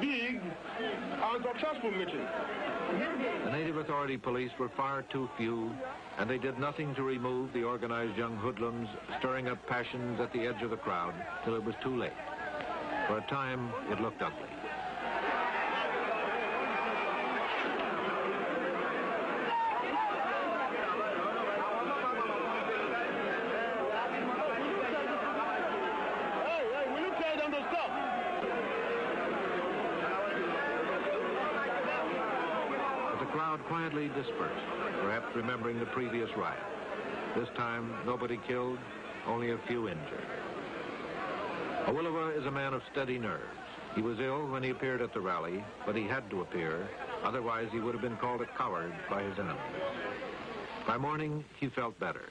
big and successful meeting. The native authority police were far too few, and they did nothing to remove the organized young hoodlums stirring up passions at the edge of the crowd till it was too late. For a time, it looked ugly. quietly dispersed, perhaps remembering the previous riot. This time, nobody killed, only a few injured. Awilova is a man of steady nerves. He was ill when he appeared at the rally, but he had to appear, otherwise he would have been called a coward by his enemies. By morning, he felt better.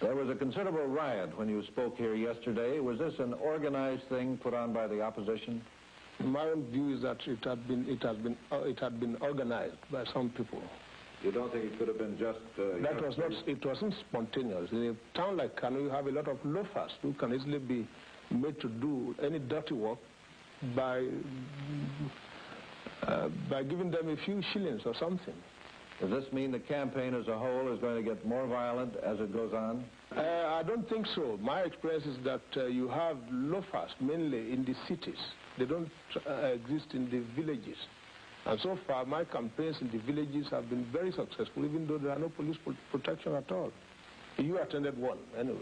There was a considerable riot when you spoke here yesterday. Was this an organized thing put on by the opposition? My own view is that it had been it had been uh, it had been organized by some people. You don't think it could have been just uh, that was not it wasn't spontaneous. In a town like Kano, you have a lot of loafers who can easily be made to do any dirty work by uh, by giving them a few shillings or something. Does this mean the campaign as a whole is going to get more violent as it goes on? Uh, I don't think so. My experience is that uh, you have loafers mainly in the cities. They don't uh, exist in the villages. And so far, my campaigns in the villages have been very successful, even though there are no police protection at all. You attended one, anyway.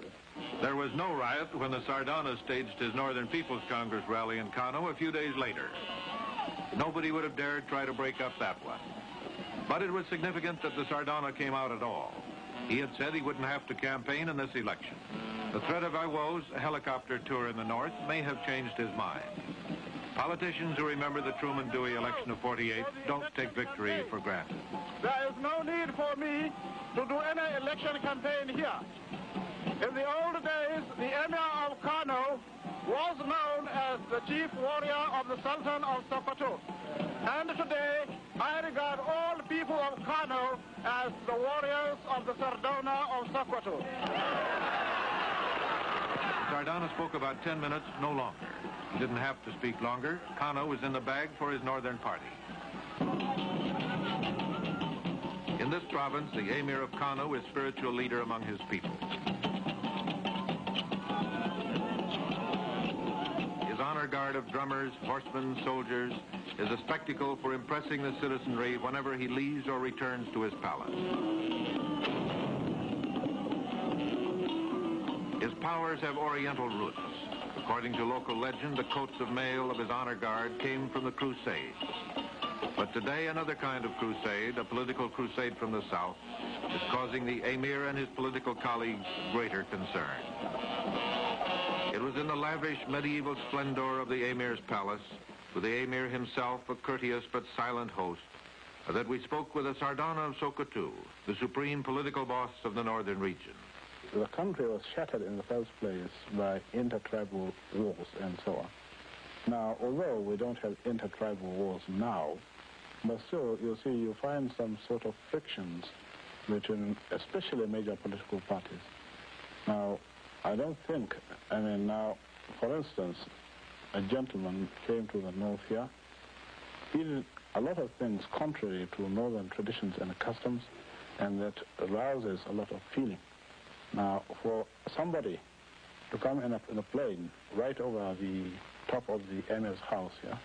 There was no riot when the Sardana staged his Northern People's Congress rally in Kano a few days later. Nobody would have dared try to break up that one. But it was significant that the Sardana came out at all. He had said he wouldn't have to campaign in this election. The threat of Iwo's helicopter tour in the North may have changed his mind. Politicians who remember the Truman Dewey election of 48 don't take victory for granted. There is no need for me to do any election campaign here. In the old days, the emir of Kano was known as the chief warrior of the Sultan of Sokoto. And today, I regard the warriors of the Sardona of Sokoto. Sardana spoke about 10 minutes, no longer. He didn't have to speak longer. Kano was in the bag for his northern party. In this province, the Emir of Kano is spiritual leader among his people. His honor guard of drummers, horsemen, soldiers, is a spectacle for impressing the citizenry whenever he leaves or returns to his palace. His powers have Oriental roots. According to local legend, the coats of mail of his honor guard came from the Crusades. But today, another kind of crusade, a political crusade from the South, is causing the Emir and his political colleagues greater concern. It was in the lavish medieval splendor of the Emir's palace with the emir himself, a courteous but silent host, that we spoke with the Sardana of Sokotu, the supreme political boss of the northern region. The country was shattered in the first place by intertribal wars and so on. Now, although we don't have intertribal wars now, but still, you see, you find some sort of frictions between especially major political parties. Now, I don't think, I mean, now, for instance, a gentleman came to the north here. He did a lot of things contrary to northern traditions and customs, and that arouses a lot of feeling. Now, for somebody to come in a, in a plane right over the top of the MS house here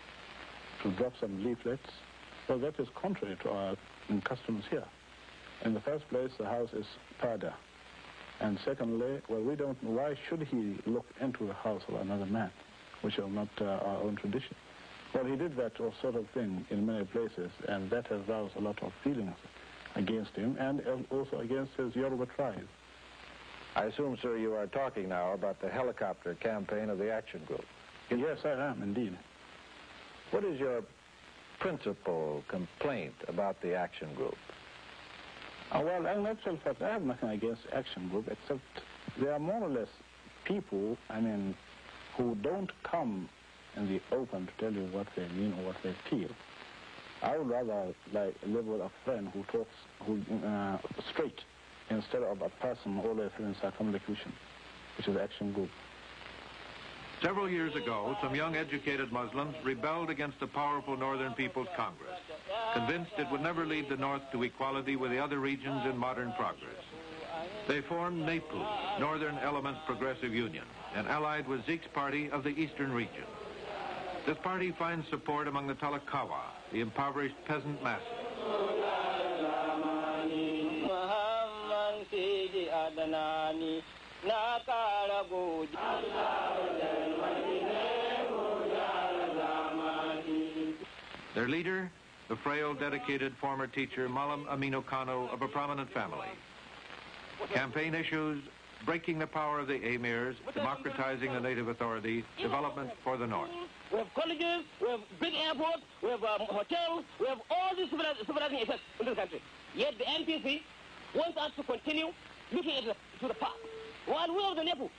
to drop some leaflets, well, that is contrary to our customs here. In the first place, the house is Pada. And secondly, well, we don't why should he look into the house of another man. Which are not uh, our own tradition. Well, he did that sort of thing in many places, and that has roused a lot of feelings against him and uh, also against his Yoruba tribe. I assume, sir, you are talking now about the helicopter campaign of the Action Group. Yes, I am, indeed. What is your principal complaint about the Action Group? Uh, well, I'm not I have nothing against Action Group, except they are more or less people, I mean, who don't come in the open to tell you what they mean or what they feel. I would rather like live with a friend who talks who uh, straight instead of a person always in circumlocution, which is action group. Several years ago, some young educated Muslims rebelled against the powerful Northern People's Congress, convinced it would never lead the North to equality with the other regions in modern progress. They formed NAPU, Northern Elements Progressive Union, and allied with Zeke's party of the eastern region. This party finds support among the Talakawa, the impoverished peasant masses. Their leader, the frail, dedicated former teacher Malam Aminokano Kano of a prominent family, Campaign issues, breaking the power of the emirs, democratizing the native authority, development for the North. Mm, we have colleges, we have big airports, we have um, hotels, we have all these civilizing effects in this country. Yet the NPC wants us to continue looking at the, to the past. While we of the Nepu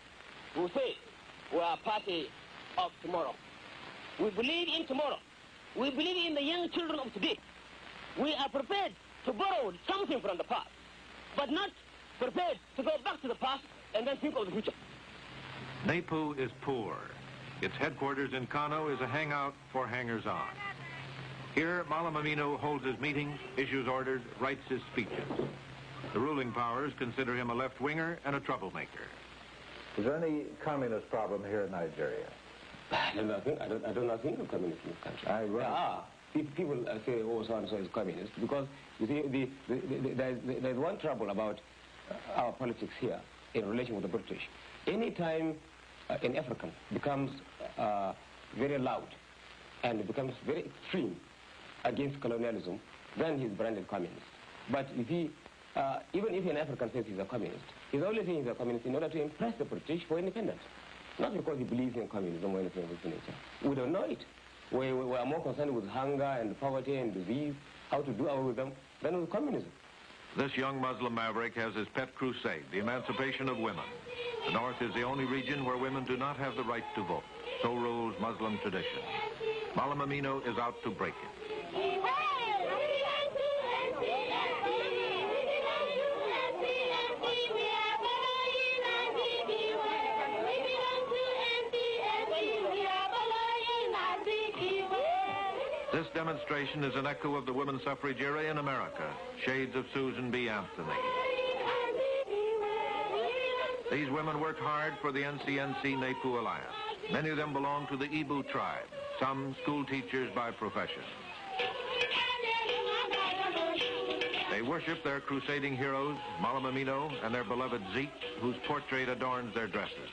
we say we are a party of tomorrow. We believe in tomorrow. We believe in the young children of today. We are prepared to borrow something from the past, but not prepared to go back to the past and then think of the future. NAPU is poor. Its headquarters in Kano is a hangout for hangers-on. Here, Malamamino holds his meetings, issues orders, writes his speeches. The ruling powers consider him a left-winger and a troublemaker. Is there any communist problem here in Nigeria? I do not think, I don't, I do not think of communists in this country. I There ah, are. People say, oh, so-and-so is communist, because, you see, the, the, the, there's one trouble about uh, our politics here in relation with the British. Anytime uh, an African becomes uh, very loud and becomes very extreme against colonialism, then he's branded communist. But if he, uh, even if an African says he's a communist, he's only saying he's a communist in order to impress the British for independence, not because he believes in communism or anything of this nature. We don't know it. We, we, we are more concerned with hunger and poverty and disease, how to do away with them, than with communism. This young Muslim maverick has his pet crusade, the emancipation of women. The North is the only region where women do not have the right to vote. So rules Muslim tradition. Malam Amino is out to break it. This demonstration is an echo of the women's suffrage era in America, shades of Susan B. Anthony. These women worked hard for the NCNC NAPU Alliance. Many of them belong to the Ibu tribe, some school teachers by profession. They worship their crusading heroes, Malamamino and their beloved Zeke, whose portrait adorns their dresses.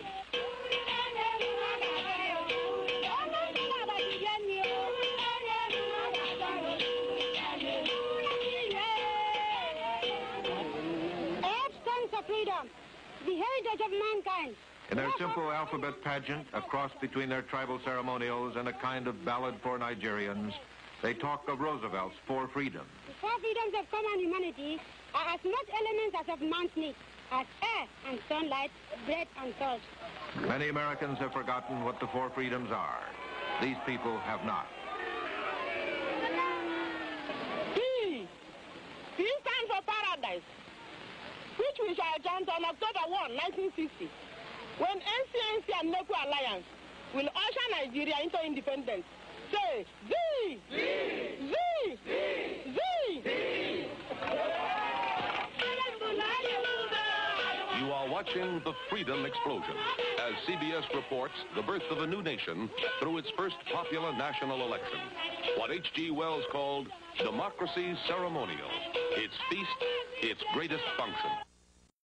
In their simple alphabet pageant, a cross between their tribal ceremonials and a kind of ballad for Nigerians, they talk of Roosevelt's four freedoms. The four freedoms of common humanity are as much elements as of man's need, as air and sunlight, bread and salt. Many Americans have forgotten what the four freedoms are. These people have not. P. P for paradise, which we shall chant on October 1, 1960. When NCNC and NECU alliance will usher Nigeria into independence, say Z! Z! Z! Z! You are watching The Freedom Explosion as CBS reports the birth of a new nation through its first popular national election. What H.G. Wells called democracy's ceremonial, its feast, its greatest function.